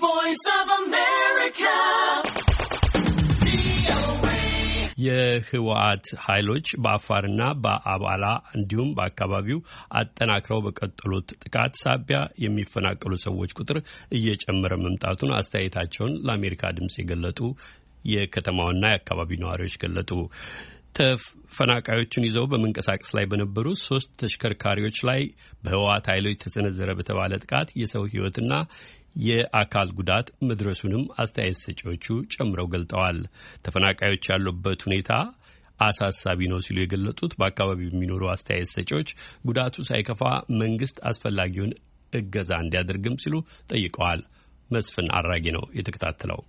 voice የህወሓት ኃይሎች በአፋርና በአባላ እንዲሁም በአካባቢው አጠናክረው በቀጠሉት ጥቃት ሳቢያ የሚፈናቀሉ ሰዎች ቁጥር እየጨመረ መምጣቱን አስተያየታቸውን ለአሜሪካ ድምፅ የገለጡ የከተማውና የአካባቢው ነዋሪዎች ገለጡ። ተፈናቃዮቹን ይዘው በመንቀሳቀስ ላይ በነበሩ ሶስት ተሽከርካሪዎች ላይ በህወሓት ኃይሎች ተሰነዘረ በተባለ ጥቃት የሰው ህይወትና የአካል ጉዳት መድረሱንም አስተያየት ሰጪዎቹ ጨምረው ገልጠዋል። ተፈናቃዮች ያሉበት ሁኔታ አሳሳቢ ነው ሲሉ የገለጡት በአካባቢው የሚኖሩ አስተያየት ሰጪዎች ጉዳቱ ሳይከፋ መንግስት አስፈላጊውን እገዛ እንዲያደርግም ሲሉ ጠይቀዋል። መስፍን አራጌ ነው የተከታተለው።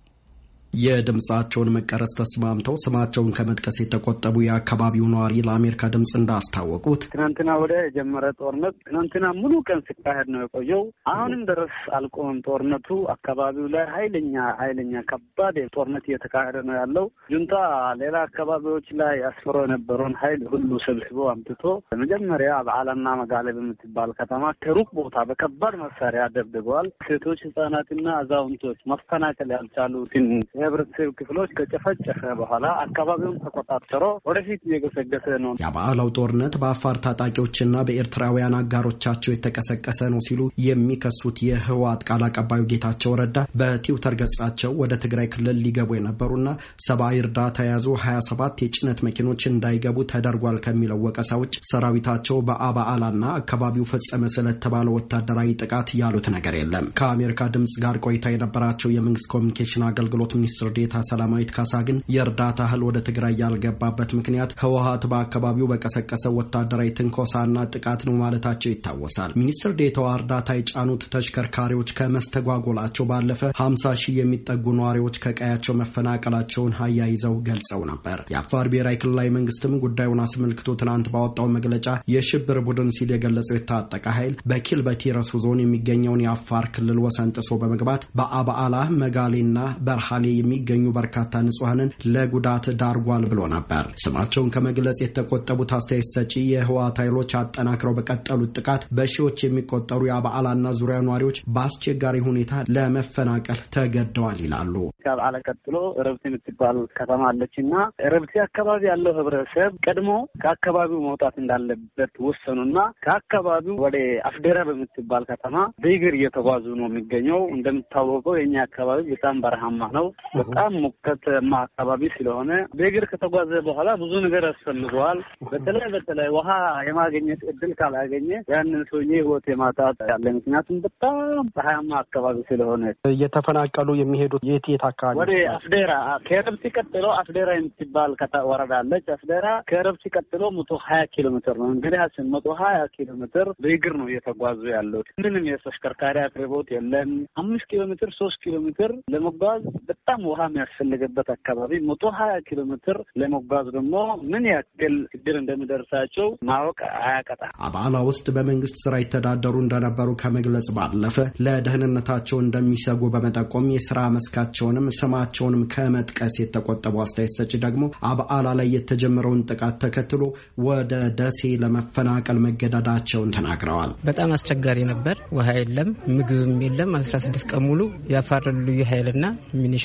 የድምፃቸውን መቀረጽ ተስማምተው ስማቸውን ከመጥቀስ የተቆጠቡ የአካባቢው ነዋሪ ለአሜሪካ ድምፅ እንዳስታወቁት ትናንትና ወደ የጀመረ ጦርነት ትናንትና ሙሉ ቀን ሲካሄድ ነው የቆየው። አሁንም ድረስ አልቆም ጦርነቱ አካባቢው ላይ ኃይለኛ ኃይለኛ ከባድ ጦርነት እየተካሄደ ነው ያለው። ጁንታ ሌላ አካባቢዎች ላይ አስፍሮ የነበረውን ኃይል ሁሉ ሰብስቦ አምጥቶ መጀመሪያ በዓላና መጋለ በምትባል ከተማ ከሩቅ ቦታ በከባድ መሳሪያ ደብድበዋል። ሴቶች፣ ህጻናትና አዛውንቶች ማፈናቀል ያልቻሉትን የህብረተሰብ ክፍሎች ከጨፈጨፈ በኋላ አካባቢውን ተቆጣጠሮ ወደፊት እየገሰገሰ ነው። የበዓላው ጦርነት በአፋር ታጣቂዎችና በኤርትራውያን አጋሮቻቸው የተቀሰቀሰ ነው ሲሉ የሚከሱት የህወሓት ቃል አቀባዩ ጌታቸው ረዳ በትዊተር ገጻቸው ወደ ትግራይ ክልል ሊገቡ የነበሩና ሰብአዊ እርዳታ የያዙ 27 የጭነት መኪኖች እንዳይገቡ ተደርጓል ከሚለው ወቀሳ ውጭ ሰራዊታቸው በአባዓላና አካባቢው ፈጸመ ስለተባለ ወታደራዊ ጥቃት ያሉት ነገር የለም። ከአሜሪካ ድምጽ ጋር ቆይታ የነበራቸው የመንግስት ኮሚኒኬሽን አገልግሎት ሚኒስትር ዴታ ሰላማዊት ካሳ ግን የእርዳታ እህል ወደ ትግራይ ያልገባበት ምክንያት ህወሀት በአካባቢው በቀሰቀሰ ወታደራዊ ትንኮሳና ጥቃት ነው ማለታቸው ይታወሳል። ሚኒስትር ዴታዋ እርዳታ የጫኑት ተሽከርካሪዎች ከመስተጓጎላቸው ባለፈ ሀምሳ ሺህ የሚጠጉ ነዋሪዎች ከቀያቸው መፈናቀላቸውን አያይዘው ገልጸው ነበር። የአፋር ብሔራዊ ክልላዊ መንግስትም ጉዳዩን አስመልክቶ ትናንት ባወጣው መግለጫ የሽብር ቡድን ሲል የገለጸው የታጠቀ ኃይል በኪልበቲ ረሱ ዞን የሚገኘውን የአፋር ክልል ወሰን ጥሶ በመግባት በአበአላ መጋሌና በርሃሌ የሚገኙ በርካታ ንጹሐንን ለጉዳት ዳርጓል ብሎ ነበር። ስማቸውን ከመግለጽ የተቆጠቡት አስተያየት ሰጪ የህወሓት ኃይሎች አጠናክረው በቀጠሉት ጥቃት በሺዎች የሚቆጠሩ የአበዓላና ዙሪያ ነዋሪዎች በአስቸጋሪ ሁኔታ ለመፈናቀል ተገደዋል ይላሉ። ከበዓላ ቀጥሎ ረብቴ የምትባል ከተማ አለች እና ረብቴ አካባቢ ያለው ህብረተሰብ ቀድሞ ከአካባቢው መውጣት እንዳለበት ወሰኑና ከአካባቢው ወደ አፍዴራ በምትባል ከተማ በእግር እየተጓዙ ነው የሚገኘው። እንደሚታወቀው የኛ አካባቢ በጣም በረሃማ ነው። በጣም ሙቀታማ አካባቢ ስለሆነ በእግር ከተጓዘ በኋላ ብዙ ነገር ያስፈልገዋል። በተለይ በተለይ ውሃ የማግኘት እድል ካላገኘ ያንን ሰውዬ ህይወት የማጣት ያለ ምክንያቱም በጣም ፀሐያማ አካባቢ ስለሆነ እየተፈናቀሉ የሚሄዱት የት የት አካባቢ ወደ አፍዴራ ከረብ ሲቀጥሎ አፍዴራ የምትባል ወረዳ አለች። አፍዴራ ከረብ ሲቀጥሎ መቶ ሀያ ኪሎ ሜትር ነው እንግዲህ ስን መቶ ሀያ ኪሎ ሜትር በእግር ነው እየተጓዙ ያሉት። ምንም የተሽከርካሪ አቅርቦት የለም። አምስት ኪሎ ሜትር ሶስት ኪሎ ሜትር ለመጓዝ በጣም በጣም ውሃ የሚያስፈልግበት አካባቢ መቶ ሀያ ኪሎ ሜትር ለመጓዝ ደግሞ ምን ያክል ችግር እንደሚደርሳቸው ማወቅ አያቀጣ። አባላ ውስጥ በመንግስት ስራ ይተዳደሩ እንደነበሩ ከመግለጽ ባለፈ ለደህንነታቸው እንደሚሰጉ በመጠቆም የስራ መስካቸውንም ስማቸውንም ከመጥቀስ የተቆጠቡ አስተያየት ሰጪ ደግሞ አባላ ላይ የተጀመረውን ጥቃት ተከትሎ ወደ ደሴ ለመፈናቀል መገዳዳቸውን ተናግረዋል። በጣም አስቸጋሪ ነበር። ውሃ የለም፣ ምግብም የለም። አስራ ቀን ሙሉ የአፋር ልዩ ኃይልና ሚኒሻ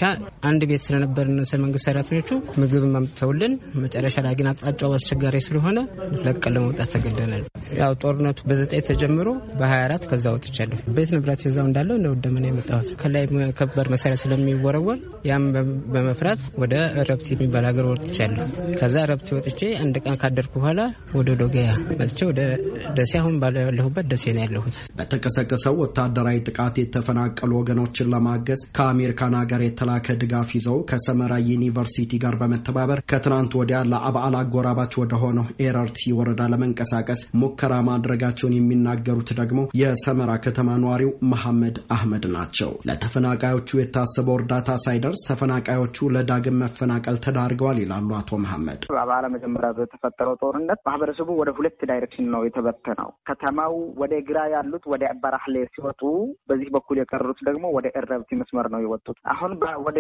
አንድ ቤት ስለነበርን መንግስት ሰራተኞቹ ምግብ አምጥተውልን መጨረሻ ላይ ግን አቅጣጫው አስቸጋሪ ስለሆነ ለቀን ለመውጣት ተገደናል። ያው ጦርነቱ በዘጠኝ ተጀምሮ በ24 ከዛ ወጥቻለሁ። ቤት ንብረት የዛው እንዳለው ነው ነው የመጣሁት። ከላይ ከባድ መሳሪያ ስለሚወረወር ያም በመፍራት ወደ ረብት የሚባል ሀገር ወጥቻለሁ። ከዛ ረብት ወጥቼ አንድ ቀን ካደርኩ በኋላ ወደ ዶገያ መጥቼ ወደ ደሴ አሁን ባለሁበት ደሴ ነው ያለሁት። በተቀሰቀሰው ወታደራዊ ጥቃት የተፈናቀሉ ወገኖችን ለማገዝ ከአሜሪካን ሀገር የተላከ ድጋፍ ይዘው ከሰመራ ዩኒቨርሲቲ ጋር በመተባበር ከትናንት ወዲያ ለአብዓላ አጎራባች ወደሆነው ኤረርቲ ወረዳ ለመንቀሳቀስ ሙከራ ማድረጋቸውን የሚናገሩት ደግሞ የሰመራ ከተማ ነዋሪው መሐመድ አህመድ ናቸው። ለተፈናቃዮቹ የታሰበው እርዳታ ሳይደርስ ተፈናቃዮቹ ለዳግም መፈናቀል ተዳርገዋል ይላሉ አቶ መሐመድ። በአብዓላ መጀመሪያ በተፈጠረው ጦርነት ማህበረሰቡ ወደ ሁለት ዳይሬክሽን ነው የተበተነው። ከተማው ወደ ግራ ያሉት ወደ በራህሌ ሲወጡ፣ በዚህ በኩል የቀሩት ደግሞ ወደ ኤረብቲ መስመር ነው የወጡት። አሁን ወደ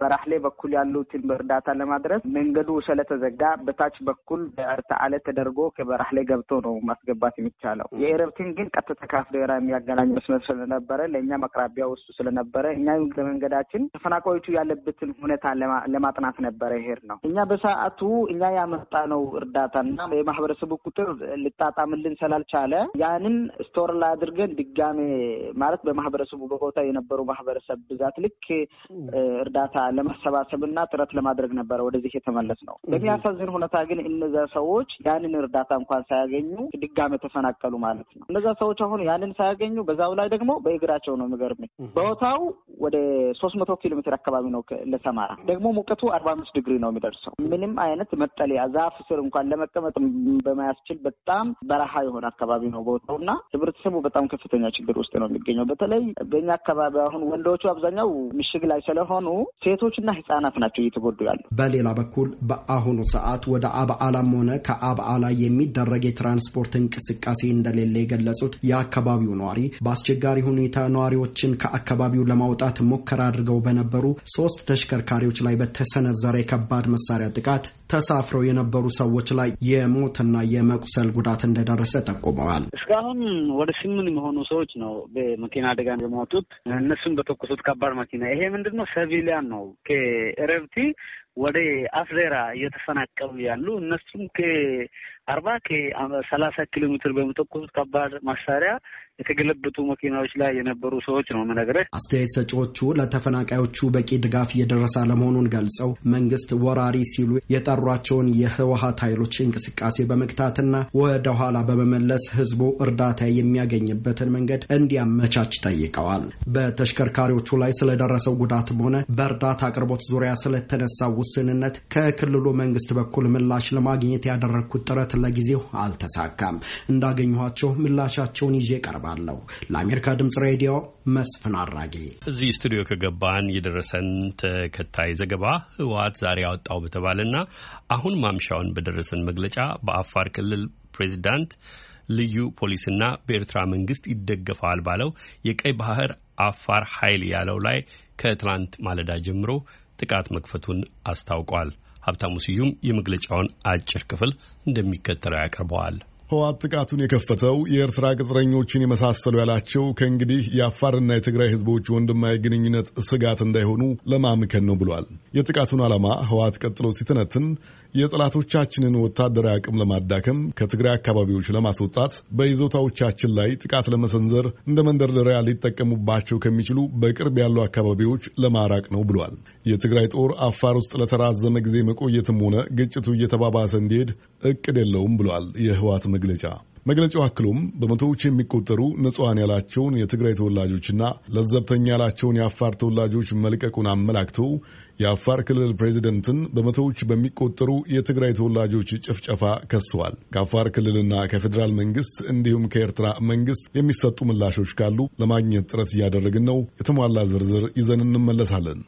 በራህሌ በኩል ያሉትን እርዳታ ለማድረስ መንገዱ ስለተዘጋ በታች በኩል በእርታአለ ተደርጎ ከበራህሌ ገብቶ ነው ማስገባት የሚቻለው። የኤረብቲን ግን ቀጥታ ካፍዴራ የሚያገናኝ መስመር ስለነበረ ለእኛ አቅራቢያ ውስጡ ስለነበረ እኛ ለመንገዳችን ተፈናቃዮቹ ያለበትን ሁኔታ ለማጥናት ነበረ ይሄድ ነው። እኛ በሰዓቱ እኛ ያመጣ ነው እርዳታና የማህበረሰቡ ቁጥር ልጣጣምልን ስላልቻለ ያንን ስቶር ላይ አድርገን ድጋሜ ማለት በማህበረሰቡ በቦታ የነበሩ ማህበረሰብ ብዛት ልክ እርዳታ እና ጥረት ለማድረግ ነበረ ወደዚህ የተመለስ ነው። በሚያሳዝን ሁኔታ ግን እነዛ ሰዎች ያንን እርዳታ እንኳን ሳያገኙ ድጋሜ ተፈናቀሉ ማለት ነው። እነዛ ሰዎች አሁን ያንን ሳያገኙ በዛው ላይ ደግሞ በእግራቸው ነው የሚገርም ቦታው ወደ ሶስት መቶ ኪሎ ሜትር አካባቢ ነው ለሰማራ ደግሞ ሙቀቱ አርባ አምስት ዲግሪ ነው የሚደርሰው። ምንም አይነት መጠለያ ዛፍ ስር እንኳን ለመቀመጥ በማያስችል በጣም በረሃ የሆነ አካባቢ ነው ቦታው እና ህብረተሰቡ በጣም ከፍተኛ ችግር ውስጥ ነው የሚገኘው። በተለይ በእኛ አካባቢ አሁን ወንዶቹ አብዛኛው ምሽግ ላይ ስለሆነ ስለሆኑ ሴቶችና ህጻናት ናቸው እየተጎዱ ያሉ። በሌላ በኩል በአሁኑ ሰዓት ወደ አብዓላም ሆነ ከአብዓላ የሚደረግ የትራንስፖርት እንቅስቃሴ እንደሌለ የገለጹት የአካባቢው ነዋሪ በአስቸጋሪ ሁኔታ ነዋሪዎችን ከአካባቢው ለማውጣት ሙከራ አድርገው በነበሩ ሶስት ተሽከርካሪዎች ላይ በተሰነዘረ የከባድ መሳሪያ ጥቃት ተሳፍረው የነበሩ ሰዎች ላይ የሞትና የመቁሰል ጉዳት እንደደረሰ ጠቁመዋል። እስካሁን ወደ ስምንት የሆኑ ሰዎች ነው በመኪና አደጋ የሞቱት እነሱም በተኮሱት ከባድ መኪና። ይሄ ምንድን ነው ሰቪሊያን ነው ከእረብቲ ወደ አፍዴራ እየተፈናቀሉ ያሉ እነሱም ከአርባ ከሰላሳ ኪሎ ሜትር በሚተኩሱት ከባድ መሳሪያ የተገለበጡ መኪናዎች ላይ የነበሩ ሰዎች ነው የምነግርህ። አስተያየት ሰጪዎቹ ለተፈናቃዮቹ በቂ ድጋፍ እየደረሰ አለመሆኑን ገልጸው መንግስት ወራሪ ሲሉ የጠሯቸውን የህወሀት ኃይሎች እንቅስቃሴ በመግታትና ወደ ኋላ በመመለስ ህዝቡ እርዳታ የሚያገኝበትን መንገድ እንዲያመቻች ጠይቀዋል። በተሽከርካሪዎቹ ላይ ስለደረሰው ጉዳትም ሆነ በእርዳታ አቅርቦት ዙሪያ ስለተነሳው ውስንነት ከክልሉ መንግስት በኩል ምላሽ ለማግኘት ያደረግኩት ጥረት ለጊዜው አልተሳካም። እንዳገኘኋቸው ምላሻቸውን ይዤ ቀርበ አቀርባለሁ። ለአሜሪካ ድምጽ ሬዲዮ መስፍን አራጌ። እዚህ ስቱዲዮ ከገባን የደረሰን ተከታይ ዘገባ ህወሓት ዛሬ አወጣው በተባለና አሁን ማምሻውን በደረሰን መግለጫ በአፋር ክልል ፕሬዚዳንት ልዩ ፖሊስና በኤርትራ መንግስት ይደገፋል ባለው የቀይ ባህር አፋር ኃይል ያለው ላይ ከትላንት ማለዳ ጀምሮ ጥቃት መክፈቱን አስታውቋል። ሀብታሙ ስዩም የመግለጫውን አጭር ክፍል እንደሚከተለው ያቀርበዋል። ህወሓት ጥቃቱን የከፈተው የኤርትራ ቅጥረኞችን የመሳሰሉ ያላቸው ከእንግዲህ የአፋርና የትግራይ ህዝቦች ወንድማዊ ግንኙነት ስጋት እንዳይሆኑ ለማምከን ነው ብሏል። የጥቃቱን ዓላማ ህወሓት ቀጥሎ ሲተነትን የጠላቶቻችንን ወታደራዊ አቅም ለማዳከም፣ ከትግራይ አካባቢዎች ለማስወጣት፣ በይዞታዎቻችን ላይ ጥቃት ለመሰንዘር፣ እንደ መንደርደሪያ ሊጠቀሙባቸው ከሚችሉ በቅርብ ያሉ አካባቢዎች ለማራቅ ነው ብሏል። የትግራይ ጦር አፋር ውስጥ ለተራዘመ ጊዜ መቆየትም ሆነ ግጭቱ እየተባባሰ እንዲሄድ እቅድ የለውም ብሏል የህወሓት መግለጫ መግለጫው አክሎም በመቶዎች የሚቆጠሩ ንጹሐን ያላቸውን የትግራይ ተወላጆችና ለዘብተኛ ያላቸውን የአፋር ተወላጆች መልቀቁን አመላክቶ የአፋር ክልል ፕሬዚደንትን በመቶዎች በሚቆጠሩ የትግራይ ተወላጆች ጭፍጨፋ ከሰዋል። ከአፋር ክልልና ከፌዴራል መንግስት እንዲሁም ከኤርትራ መንግስት የሚሰጡ ምላሾች ካሉ ለማግኘት ጥረት እያደረግን ነው። የተሟላ ዝርዝር ይዘን እንመለሳለን።